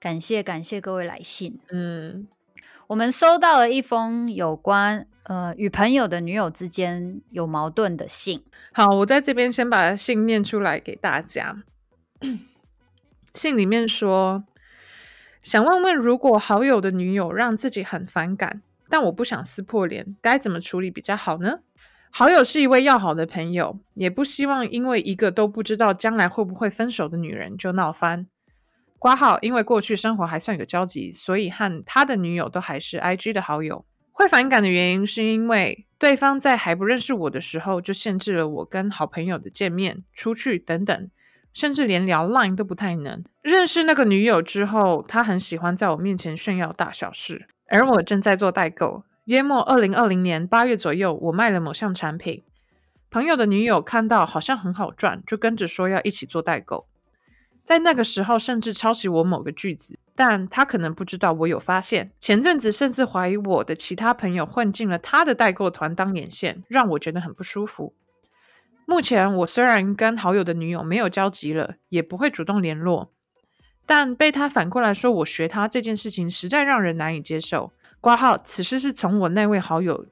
感謝感謝各位來信，嗯，我們收到了一封有關呃與朋友的女友之間有矛盾的信。好，我在這邊先把信念出來給大家。 信裡面說，想問問如果好友的女友讓自己很反感，但我不想撕破臉，該怎麼處理比較好呢？好友是一位要好的朋友，也不希望因為一個都不知道將來會不會分手的女人就鬧翻。瓜號，好，因為過去生活還算有交集，所以和他的女友都還是 IG 的好友。會反感的原因是因為對方在還不認識我的時候就限制了我跟好朋友的見面、出去等等，甚至連聊 Line 都不太能。認識那個女友之後，她很喜歡在我面前炫耀大小事，而我正在做代購。約莫二零二零年八月左右，我賣了某項產品，朋友的女友看到好像很好賺，就跟着說要一起做代購。在那個時候，甚至抄襲我某個句子，但他可能不知道我有發現。前陣子，甚至懷疑我的其他朋友混進了他的代購團當眼線，讓我覺得很不舒服。目前，我雖然跟好友的女友沒有交集了，也不會主動聯絡，但被他反過來說我學他這件事情，實在讓人難以接受。括號，此事是從我那位好友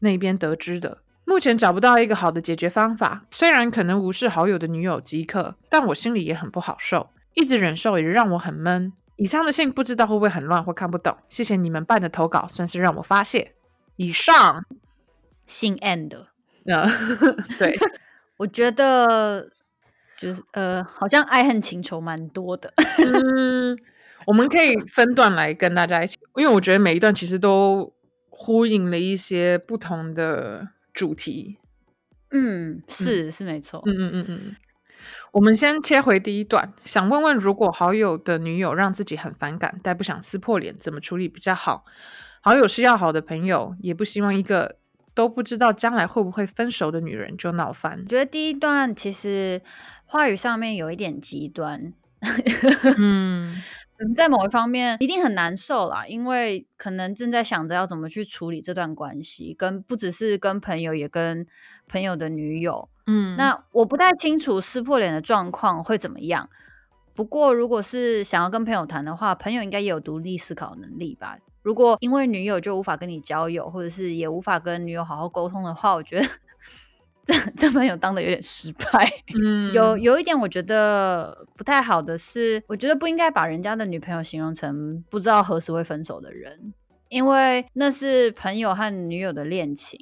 那邊得知的。目前找不到一個好的解決方法，雖然可能無視好友的女友即可，但我心裡也很不好受，一直忍受也讓我很悶。以上的信不知道會不會很亂或看不懂，謝謝你們辦的投稿，算是讓我發泄。以上信 end 啊，的 uh, 對， 我覺得就是呃，好像愛恨情仇蠻多的。 嗯，我們可以分段來跟大家一起，因為我覺得每一段其實都呼應了一些不同的。主題，嗯，是是沒錯，嗯嗯嗯嗯，我們先切回第一段，想問問，如果好友的女友讓自己很反感，但不想撕破臉，怎麼處理比較好？好友是要好的朋友，也不希望一個都不知道將來會不會分手的女人就鬧翻。覺得第一段其實話語上面有一點極端， 嗯。在某一方面一定很難受啦，因為可能正在想着要怎麼去處理這段關係，跟不只是跟朋友，也跟朋友的女友。嗯，那我不太清楚撕破臉的狀況會怎麼樣。不過，如果是想要跟朋友談的話，朋友應該也有獨立思考能力吧？如果因為女友就無法跟你交友，或者是也無法跟女友好好溝通的話，我覺得。這 這朋友當的有點失敗。 嗯，有有一點我覺得不太好的是，我覺得不應該把人家的女朋友形容成不知道何時會分手的人，因為那是朋友和女友的戀情。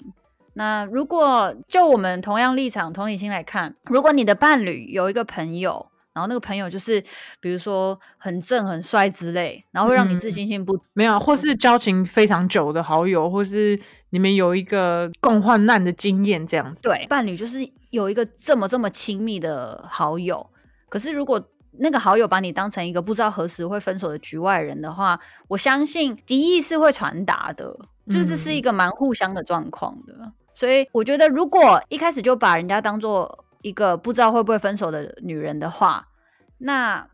那如果就我們同樣立場、同理心來看，如果你的伴侶有一個朋友，然後那個朋友就是比如說很正、很帥之類，然後會讓你自信心不、嗯、沒有，或是交情非常久的好友，或是。你們有一個共患難的經驗，這樣子對伴侶就是有一個這麼這麼親密的好友，可是如果那個好友把你當成一個不知道何時會分手的局外人的話，我相信敵意是會傳達的，就是是一個蠻互相的狀況的。嗯、所以我覺得，如果一開始就把人家當做一個不知道會不會分手的女人的話，那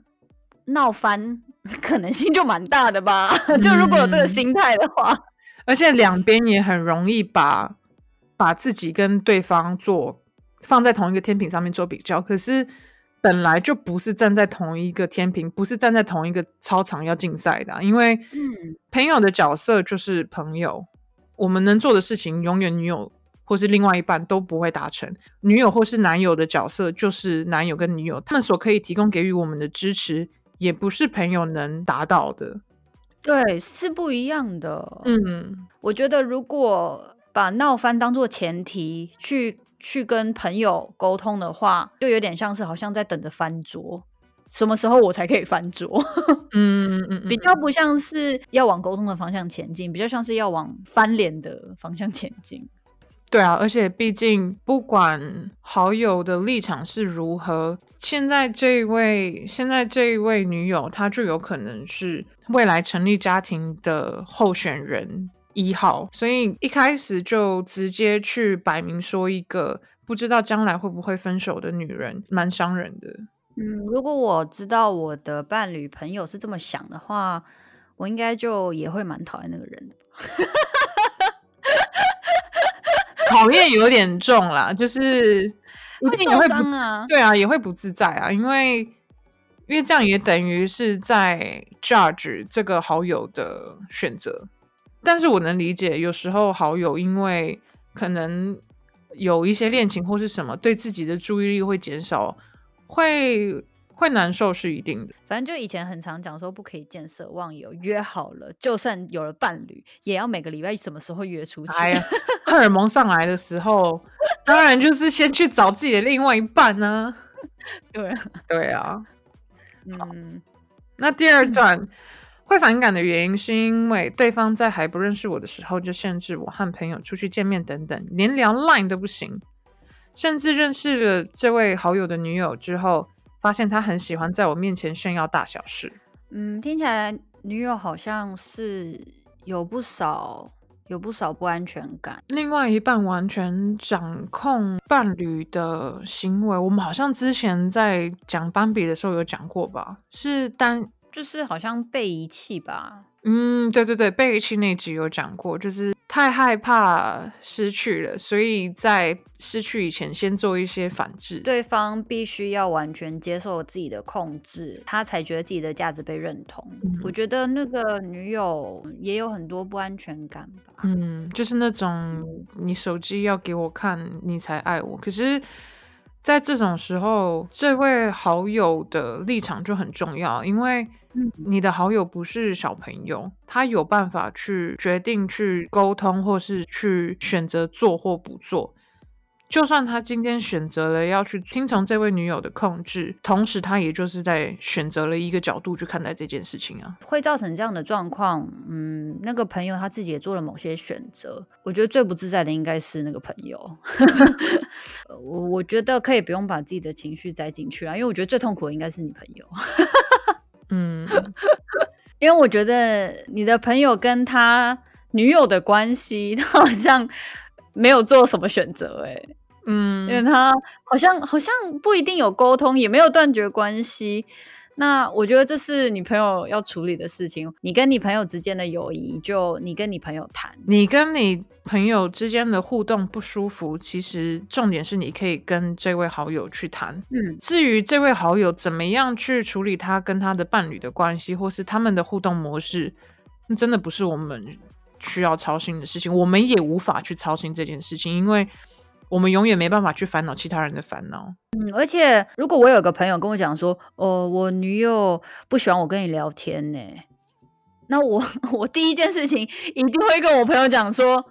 鬧翻可能性就蠻大的吧。嗯、 就如果有這個心態的話。而且兩邊也很容易把把自己跟對方做放在同一個天平上面做比較，可是本來就不是站在同一個天平，不是站在同一個操場要競賽的啊。因為朋友的角色就是朋友，我們能做的事情，永遠女友或是另外一半都不會達成。女友或是男友的角色就是男友跟女友，他們所可以提供給予我們的支持，也不是朋友能達到的。對，是不一樣的。嗯，我覺得如果把鬧翻當做前提去去跟朋友溝通的話，就有點像是好像在等着翻桌，什麼時候我才可以翻桌？嗯 嗯嗯，嗯嗯嗯，比較不像是要往溝通的方向前進，比較像是要往翻臉的方向前進。對啊，而且畢竟不管好友的立場是如何，現在這一位現在這位女友，她就有可能是未來成立家庭的候選人一號，所以一開始就直接去擺明說一個不知道將來會不會分手的女人，蠻傷人的。嗯，如果我知道我的伴侶朋友是這麼想的話，我應該就也會蠻討厭那個人的。 考驗 有點重啦，就是會，不會受傷啊？對啊，也會不自在啊，因為因為這樣也等於是在 judge 這個好友的選擇。但是我能理解，有時候好友因為可能有一些戀情或是什麼，對自己的注意力會減少，會會難受是一定的。反正就以前很常講說，不可以見色忘友，約好了，就算有了伴侶，也要每個禮拜什麼時候約出去。哎呀荷爾蒙上來的時候，當然就是先去找自己的另外一半呢、啊。對 對啊，對啊嗯。那第二段、嗯、會反感的原因，是因為對方在還不認識我的時候，就限制我和朋友出去見面等等，連聊 LINE 都不行。甚至認識了這位好友的女友之後，發現他很喜歡在我面前炫耀大小事。嗯，聽起來女友好像是有不少。有不少不安全感。另外一半完全掌控伴侶的行為，我們好像之前在講斑比的時候有講過吧？是單，就是好像被遺棄吧。嗯，對對對，被遺棄那集有講過，就是太害怕失去了，所以在失去以前先做一些反制。對方必須要完全接受自己的控制，他才覺得自己的價值被認同。嗯，我覺得那個女友也有很多不安全感吧。嗯，就是那種，嗯，你手機要給我看，你才愛我。可是，在這種時候，這位好友的立場就很重要，因為，嗯、你的好友不是小朋友，他有辦法去決定去溝通，或是去選擇做或不做。就算他今天選擇了要去聽從這位女友的控制，同時他也就是在選擇了一個角度去看待這件事情啊，會造成這樣的狀況。嗯，那個朋友他自己也做了某些選擇，我覺得最不自在的應該是那個朋友。我、 呃、我覺得可以不用把自己的情緒栽進去啊，因為我覺得最痛苦的應該是你朋友。 嗯，因為我覺得你的朋友跟他女友的關係，他好像沒有做什麼選擇，哎，嗯，因為他好像好像不一定有溝通，也沒有斷絕關係。那我覺得這是你朋友要處理的事情。你跟你朋友之間的友誼，就你跟你朋友談，你跟你朋友之間的互動不舒服，其實重點是你可以跟這位好友去談。嗯，至於這位好友怎麼樣去處理他跟他的伴侶的關係，或是他們的互動模式，那真的不是我們需要操心的事情，我們也無法去操心這件事情，因為。我們永遠沒辦法去煩惱其他人的煩惱。嗯，而且如果我有個朋友跟我講說，哦、呃，我女友不喜歡我跟你聊天呢、欸，那我我第一件事情一定會跟我朋友講說，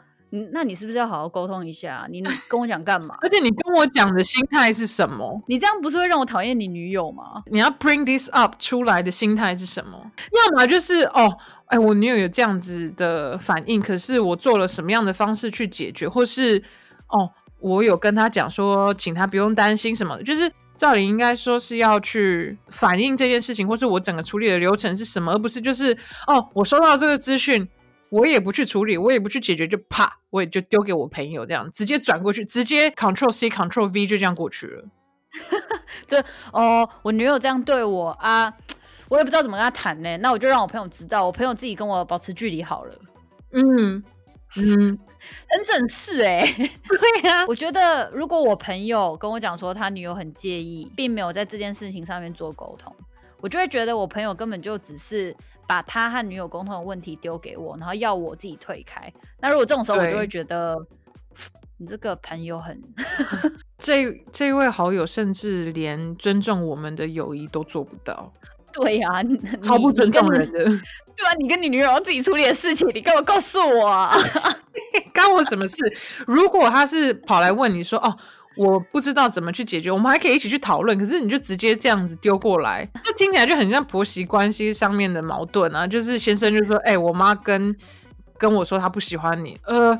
那你是不是要好好溝通一下？你跟我講幹嘛？ 而且你跟我講的心態是什麼？你這樣不是會讓我討厭你女友嗎？你要 bring this up 出來的心態是什麼？要麼就是哦，哎、欸，我女友有這樣子的反應，可是我做了什麼樣的方式去解決，或是哦。我有跟他講說，請他不用擔心什麼，就是照理應該說是要去反映這件事情，或是我整個處理的流程是什麼，而不是就是哦，我收到這個資訊，我也不去處理，我也不去解決，就啪，我也就丟給我朋友這樣，直接轉過去，直接 Control C, Control V 就這樣過去了。這 哦，我女友這樣對我啊，我也不知道怎麼跟她談呢，那我就讓我朋友知道，我朋友自己跟我保持距離好了。嗯嗯。嗯 很省事哎，欸、對呀、啊， 我覺得如果我朋友跟我講說他女友很介意，並沒有在這件事情上面做溝通，我就會覺得我朋友根本就只是把他和女友溝通的問題丟給我，然後要我自己退開。那如果這種時候，我就會覺得對 你這個朋友很…… 這一這一位好友甚至連尊重我們的友誼都做不到。對啊，你超不尊重人的你你。對啊，你跟你女友要自己處理的事情，你幹嘛告訴我啊？ 幹我什麼事？ 如果他是跑來問你說：“哦，我不知道怎麼去解決，我們還可以一起去討論。”可是你就直接這樣子丟過來，這聽起來就很像婆媳關係上面的矛盾啊！就是先生就說：“哎、欸，我媽跟跟我說她不喜歡你，呃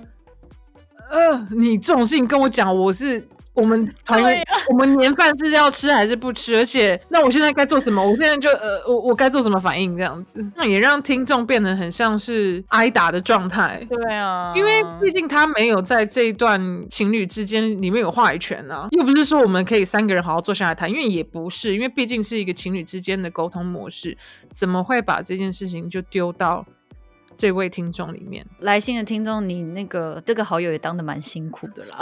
呃，你這種事情跟我講，我是。”我們團、哎、呀我們年飯是要吃還是不吃？而且，那我現在該做什麼？我現在就呃，我我該做什麼反應？這樣子，那也讓聽眾變得很像是挨打的狀態。對啊，因為畢竟他沒有在這一段情侶之間裡面有話語權啊，又不是說我們可以三個人好好坐下來談，因為也不是，因為畢竟是一個情侶之間的溝通模式，怎麼會把這件事情就丟到？這位聽眾裡面來信的聽眾，你那個這個好友也當得蠻辛苦的啦，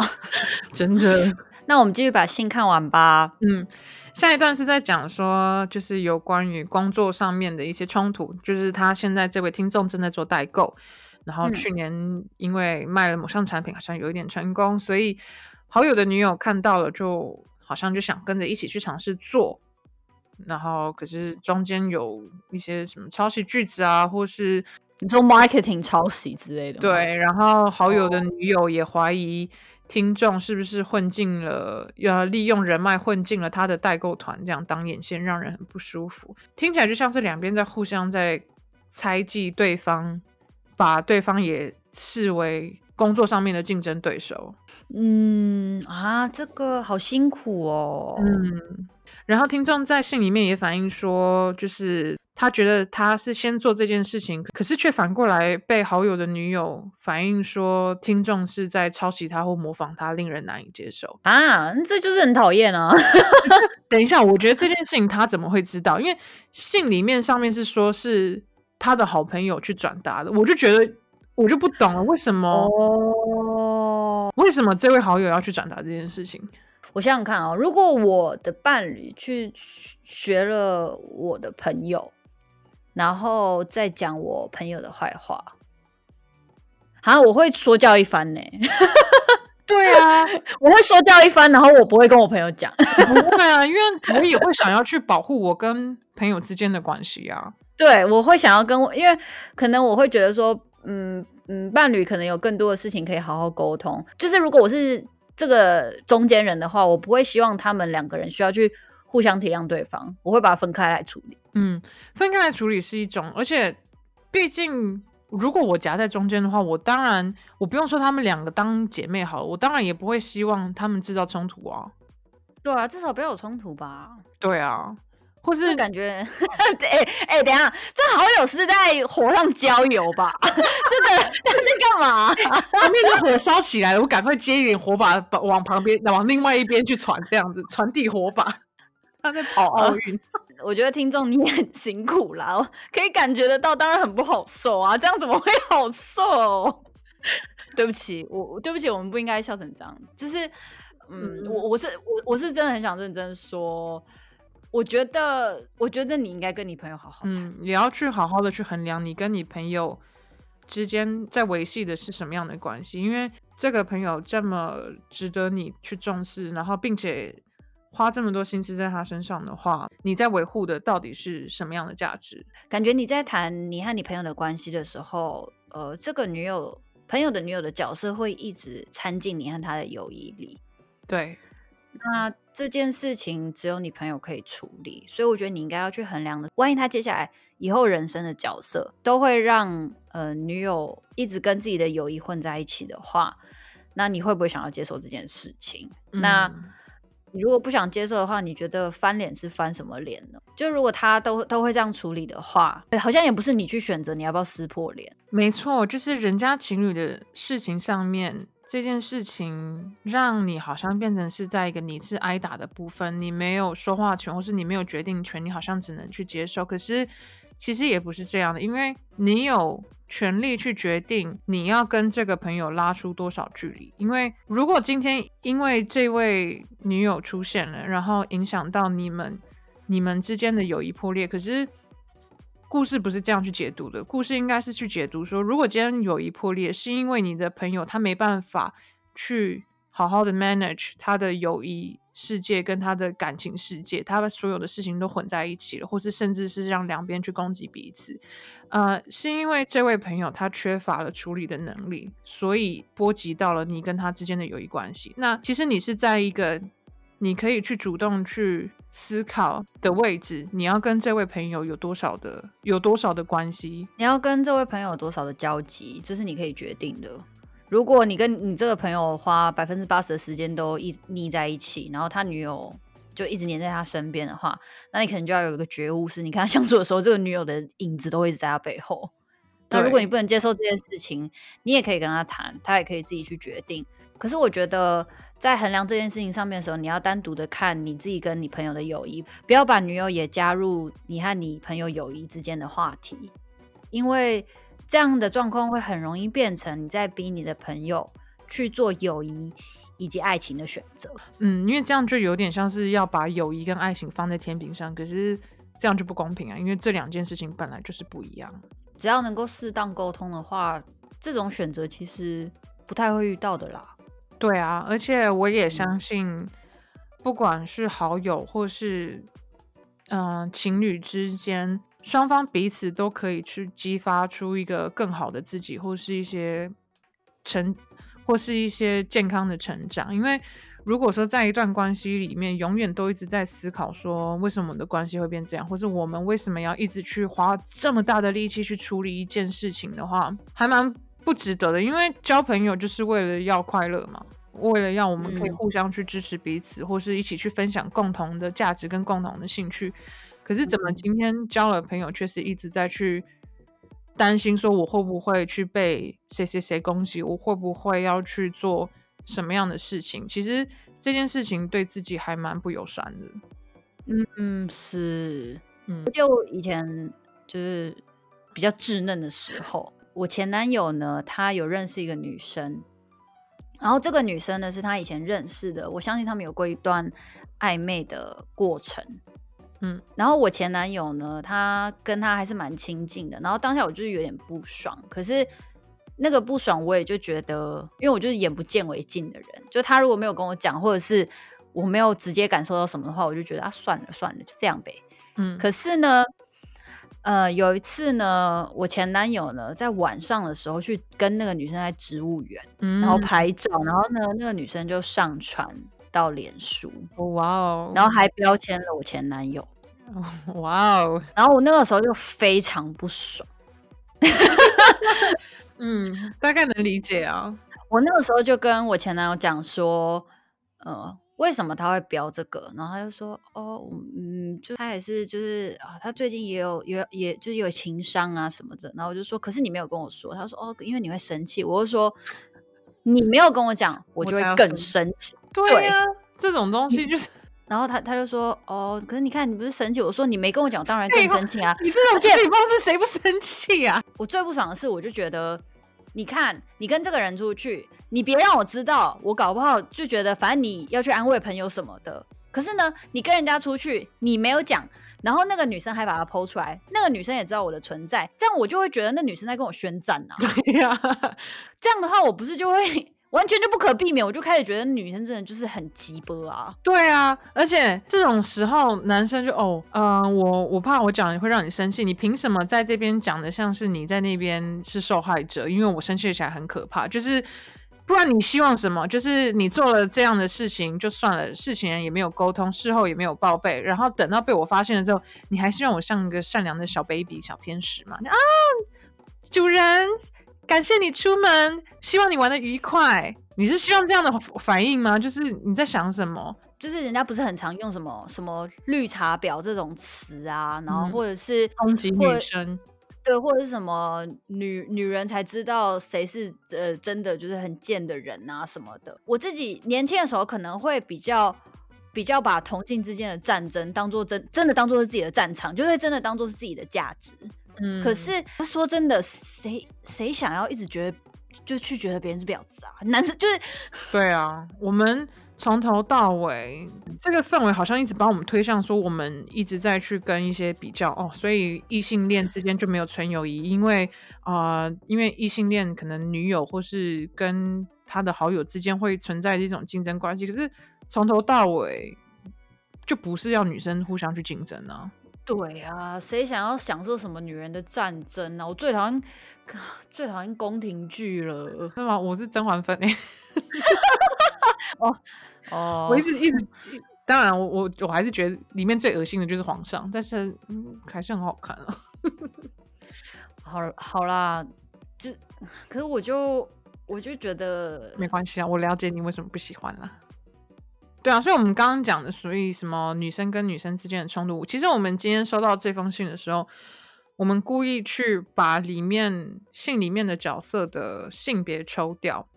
真的。 那我們繼續把信看完吧。嗯，下一段是在講說，就是有關於工作上面的一些衝突。就是他現在這位聽眾正在做代購，然後去年因為賣了某項產品，好像有一點成功，所以好友的女友看到了，就好像就想跟着一起去嘗試做。然後可是中間有一些什麼抄襲句子啊，或是。做 marketing 抄襲之類的，對。然後好友的女友也懷疑聽眾是不是混進了，要利用人脈混進了他的代購團，這樣當眼線，讓人很不舒服。聽起來就像是兩邊在互相在猜忌對方，把對方也視為工作上面的競爭對手。嗯啊，這個好辛苦哦。嗯。然後聽眾在信裡面也反映說，就是。他覺得他是先做這件事情，可是卻反過來被好友的女友反映說，聽眾是在抄襲他或模仿他，令人難以接受。啊，這就是很討厭啊。 等一下，我覺得這件事情他怎麼會知道？因為信裡面上面是說是他的好朋友去轉達的，我就覺得我就不懂了，為什麼？Oh、為什麼這位好友要去轉達這件事情？我想想看啊、哦，如果我的伴侶去學了我的朋友。然後再講我朋友的壞話，哈，我會說教一番呢、欸。 對啊，我會說教一番，然後我不會跟我朋友講，不 會啊，因為我也會想要去保護我跟朋友之間的關係啊。 對，我會想要跟我，因為可能我會覺得說，嗯嗯，伴侶可能有更多的事情可以好好溝通。就是如果我是這個中間人的話，我不會希望他們兩個人需要去。互相體諒對方，我會把它分開來處理。嗯，分開來處理是一種，而且畢竟如果我夾在中間的話，我當然我不用說他們兩個當姐妹好了，我當然也不會希望他們製造衝突啊。對啊，至少不要有衝突吧。對啊，或是感覺哎哎、嗯 欸欸，等一下，這好友是在火上澆油吧？這個 Okay. 但是幹嘛？ 那個火燒起來了，我趕快接一點火把，往旁邊往另外一邊去傳，這樣子傳遞火把。他在跑、啊嗯、 我覺得聽眾你很辛苦啦，可以感覺得到，當然很不好受啊，這樣怎麼會好受喔？對不起，我對不起，我們不應該笑成這樣。就是，嗯，我我是我我是真的很想認真說，我覺得我覺得你應該跟你朋友好好，嗯，你要去好好的去衡量你跟你朋友之間在維繫的是什麼樣的關係，因為這個朋友這麼值得你去重視，然後並且，花這麼多心思在他身上的話，你在維護的到底是什麼樣的價值？感覺你在談你和你朋友的關係的時候，呃，這個女友，朋友的女友的角色會一直摻進你和他的友誼裡。對，那這件事情只有你朋友可以處理，所以我覺得你應該要去衡量的。萬一他接下來以後人生的角色都會讓呃，女友一直跟自己的友誼混在一起的話，那你會不會想要接受這件事情？嗯、那？你如果不想接受的話，你覺得翻臉是翻什麼臉呢？就如果他都都會這樣處理的話，好像也不是你去選擇你要不要撕破臉。沒錯，就是人家情侶的事情上面。這件事情讓你好像變成是在一個你是挨打的部分，你沒有說話權，或是你沒有決定權，你好像只能去接受。可是其實也不是這樣的，因為你有權利去決定你要跟這個朋友拉出多少距離。因為如果今天因為這位女友出現了，然後影響到你們你們之間的友誼破裂，可是。故事不是這樣去解讀的，故事應該是去解讀說，如果今天友誼破裂，是因為你的朋友他沒辦法去好好的 manage 他的友誼世界跟他的感情世界，他把所有的事情都混在一起了，或是甚至是讓兩邊去攻擊彼此，呃，是因為這位朋友他缺乏了處理的能力，所以波及到了你跟他之間的友誼關係。那其實你是在一個。你可以去主動去思考的位置，你要跟這位朋友有多少的有多少的關係？你要跟這位朋友有多少的交集？這是你可以決定的。如果你跟你這個朋友花百分之八十的時間都一直膩在一起，然後他女友就一直黏在他身邊的話，那你可能就要有一個覺悟：是你跟他相處的時候，這個女友的影子都會一直在他背後。對那如果你不能接受這件事情，你也可以跟他談，他也可以自己去決定。可是我覺得，在衡量這件事情上面的時候，你要單獨的看你自己跟你朋友的友誼，不要把女友也加入你和你朋友友誼之間的話題，因為這樣的狀況會很容易變成你在逼你的朋友去做友誼以及愛情的選擇。嗯，因為這樣就有點像是要把友誼跟愛情放在天平上，可是這樣就不公平啊，因為這兩件事情本來就是不一樣。只要能夠適當溝通的話，這種選擇其實不太會遇到的啦。對啊，而且我也相信，不管是好友或是嗯、呃、情侶之間，雙方彼此都可以去激發出一個更好的自己，或是一些成或是一些健康的成長。因為如果說在一段關係裡面，永遠都一直在思考說為什麼我們的關係會變這樣，或是我們為什麼要一直去花這麼大的力氣去處理一件事情的話，還蠻不值得的，因為交朋友就是為了要快樂嘛，為了讓我們可以互相去支持彼此，嗯、或是一起去分享共同的價值跟共同的興趣。可是怎麼今天交了朋友，卻是一直在去擔心說我會不會去被誰誰誰攻擊，我會不會要去做什麼樣的事情？其實這件事情對自己還蠻不友善的。嗯嗯是，嗯，就以前就是比較稚嫩的時候。我前男友呢，他有認識一個女生，然後這個女生呢，是他以前認識的，我相信他們有過一段曖昧的過程，嗯，然後我前男友呢，他跟她還是蠻親近的，然後當下我就是有點不爽，可是那個不爽我也就覺得，因為我就是眼不見為淨的人，就他如果沒有跟我講，或者是我沒有直接感受到什麼的話，我就覺得，啊，算了算了，就這樣唄，嗯，可是呢。呃，有一次呢，我前男友呢，在晚上的時候去跟那個女生在植物園，嗯，然後拍照，然後呢，那個女生就上傳到臉書，哦，哇哦，然後還標籤了我前男友，哦，哇哦，然後我那個時候就非常不爽， 嗯，大概能理解啊，哦，我那個時候就跟我前男友講說，呃。為什麼他會飆這個？然後他就說：“哦，嗯，就他也是，就是啊，他最近也有有，也就是有情商啊什麼的。”然後我就說：“可是你沒有跟我說。”他說：“哦，因為你會生氣。”我就說：“你沒有跟我講，我就會更生氣。生”對，對啊，這種東西就是。然後他他就說：“哦，可是你看，你不是生氣？”我說：“你沒跟我講，當然更生氣啊！”欸，你這種自己且不知道是誰不生氣啊！我最不爽的是，我就覺得，你看，你跟這個人出去。你別讓我知道，我搞不好就覺得反正你要去安慰朋友什麼的。可是呢，你跟人家出去，你沒有講，然後那個女生還把它 po 出來，那個女生也知道我的存在，這樣我就會覺得那女生在跟我宣戰啊。對呀、啊，這樣的話我不是就會完全就不可避免，我就開始覺得女生真的就是很雞掰啊。對啊，而且這種時候男生就哦，嗯、呃，我我怕我講會讓你生氣，你憑什麼在這邊講的像是你在那邊是受害者？因為我生氣起來很可怕，就是。不然你希望什麼？就是你做了這樣的事情就算了，事前也沒有溝通，事後也沒有報備，然後等到被我發現了之後，你還希望我像一個善良的小 baby、小天使嗎？啊，主人，感謝你出門，希望你玩得愉快。你是希望這樣的反應嗎？就是你在想什麼？就是人家不是很常用什麼什麼綠茶婊這種詞啊，然後或者是、嗯、攻擊女生。對，或者是什麼女女人才知道誰是呃，真的就是很賤的人啊什麼的。我自己年輕的時候可能會比較比較把同性之間的戰爭當做真真的，當做是自己的戰場，就會真的當做是自己的價值。嗯，可是說真的，誰誰想要一直覺得就去覺得別人是婊子啊？男生就是對啊，我們。從頭到尾，這個氛圍好像一直把我們推向說我們一直在去跟一些比較哦，所以異性戀之間就沒有純友誼，因為啊、呃，因為異性戀可能女友或是跟他的好友之間會存在這種競爭關係，可是從頭到尾就不是要女生互相去競爭呢、啊？對啊，誰想要享受什麼女人的戰爭呢、啊？我最討厭最討厭宮廷劇了，是嗎？麼我是甄嬛粉欸 哦哦，oh, oh. 我一直一直當然我，我我我還是覺得裡面最噁心的就是皇上，但是嗯，還是很好看了、啊。 好，好啦，就可是我就我就覺得沒關係啊，我了解你為什麼不喜歡啦。對啊，所以我們剛剛講的，屬於什麼女生跟女生之間的衝突，其實我們今天收到這封信的時候，我們故意去把裡面信裡面的角色的性別抽掉。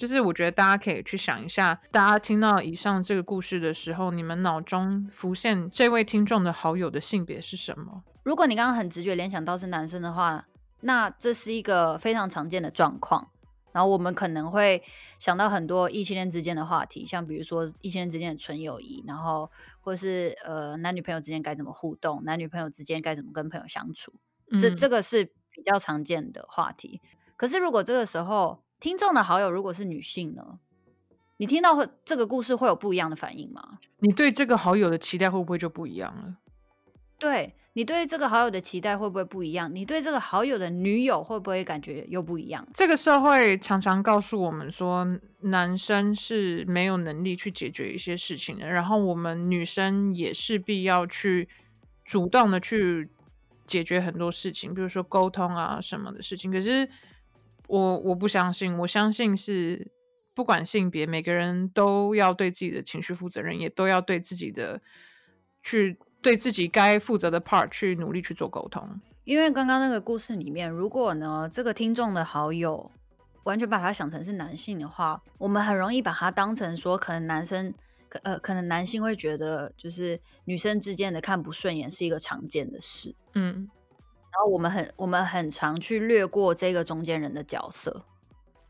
就是我覺得大家可以去想一下，大家聽到以上這個故事的時候，你們腦中浮現這位聽眾的好友的性別是什麼？如果你剛剛很直覺聯想到是男生的話，那這是一個非常常見的狀況。然後我們可能會想到很多異性戀之間的話題，像比如說異性戀之間的純友誼，然後或是呃男女朋友之間該怎麼互動，男女朋友之間該怎麼跟朋友相處，嗯、這這個是比較常見的話題。可是如果這個時候，聽眾的好友如果是女性呢？你聽到會這個故事會有不一樣的反應嗎？你對這個好友的期待會不會就不一樣了？對，你對這個好友的期待會不會不一樣？你對這個好友的女友會不會感覺又不一樣？這個社會常常告訴我們說，男生是沒有能力去解決一些事情的，然後我們女生也勢必要去主動的去解決很多事情，比如說溝通啊什麼的事情。可是。我我不相信，我相信是不管性別，每個人都要對自己的情緒負責任，也都要對自己的去對自己該負責的 part 去努力去做溝通。因為剛剛那個故事裡面，如果呢這個聽眾的好友完全把他想成是男性的話，我們很容易把他當成說，可能男生可呃可能男性會覺得，就是女生之間的看不順眼是一個常見的事。嗯。然後我們很我們很常去略過這個中間人的角色，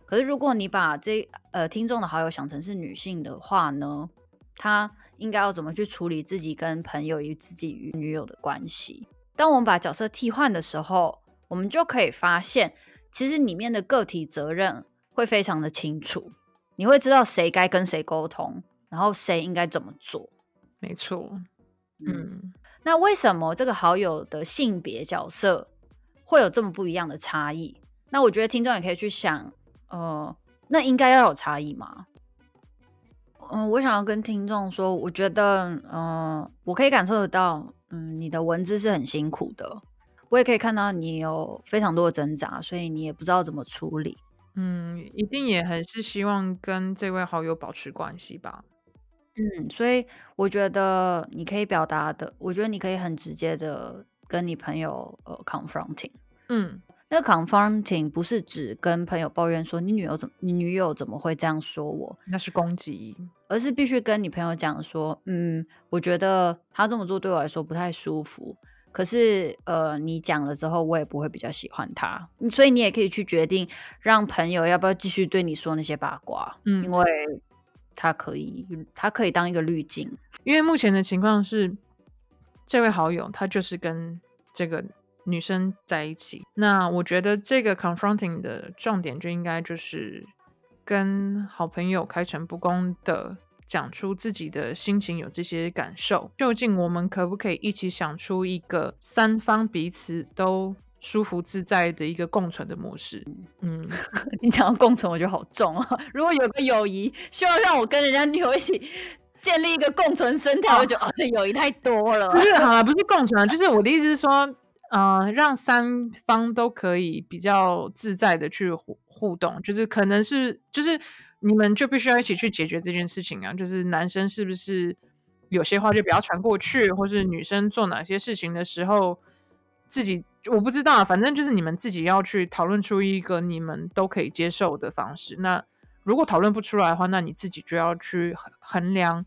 可是如果你把這呃聽眾的好友想成是女性的話呢，她應該要怎麼去處理自己跟朋友與自己與女友的關係？當我們把角色替換的時候，我們就可以發現，其實裡面的個體責任會非常的清楚，你會知道誰該跟誰溝通，然後誰應該怎麼做。沒錯，嗯。嗯那為什麼這個好友的性別角色會有這麼不一樣的差異？那我覺得聽眾也可以去想，呃，那應該要有差異嗎？嗯、呃，我想要跟聽眾說，我覺得，嗯、呃，我可以感受得到，嗯，你的文字是很辛苦的，我也可以看到你有非常多的掙扎，所以你也不知道怎麼處理。嗯，一定也還是希望跟這位好友保持關係吧。嗯，所以我覺得你可以表達的，我覺得你可以很直接的跟你朋友呃，confronting。嗯，那 confronting 不是指跟朋友抱怨說你女友怎麼你女友怎麼會這樣說我，那是攻擊，而是必須跟你朋友講說，嗯，我覺得他這麼做對我來說不太舒服。可是呃，你講了之後，我也不會比較喜歡他，所以你也可以去決定讓朋友要不要繼續對你說那些八卦，嗯，因為。他可以，他可以當一個濾鏡，因為目前的情況是，這位好友他就是跟這個女生在一起。那我覺得這個 confronting 的重點就應該就是跟好朋友開誠布公的講出自己的心情，有這些感受。究竟我們可不可以一起想出一個三方彼此都舒服自在的一個共存的模式，嗯，你講到共存，我覺得好重啊！如果有個友誼需要讓我跟人家女友一起建立一個共存生態，啊、我就覺得哦、啊，這友誼太多了。不是、啊，不是共存，就是我的意思是說，呃，讓三方都可以比較自在的去互互動，就是可能是就是你們就必須要一起去解決這件事情啊！就是男生是不是有些話就不要傳過去，或是女生做哪些事情的時候自己。我不知道啊，反正就是你們自己要去討論出一個你們都可以接受的方式。那如果討論不出來的話，那你自己就要去衡量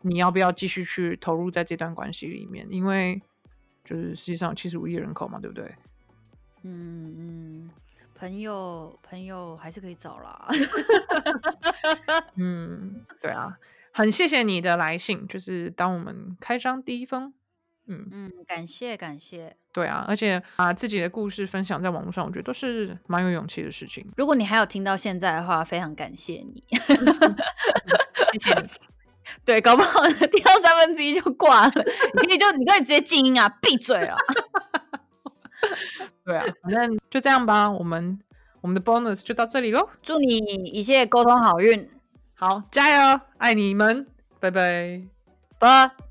你要不要繼續去投入在這段關係裡面。因為就是世界上有七十五億人口嘛，對不對？嗯嗯，朋友朋友還是可以找啦。 嗯，對啊，很謝謝你的來信。就是當我們開張第一封。嗯嗯，感謝感謝，對啊，而且把自己的故事分享在網絡上，我覺得都是蠻有勇氣的事情。如果你還有聽到現在的話，非常感謝你， 嗯、謝謝你。 對，搞不好聽到三分之一就掛了， 你就你可以直接靜音啊，閉嘴啊。 對啊，反正就這樣吧，我們我們的 bonus 就到這裡嘍。祝你一切溝通好運，好加油，愛你們，拜拜，拜，拜。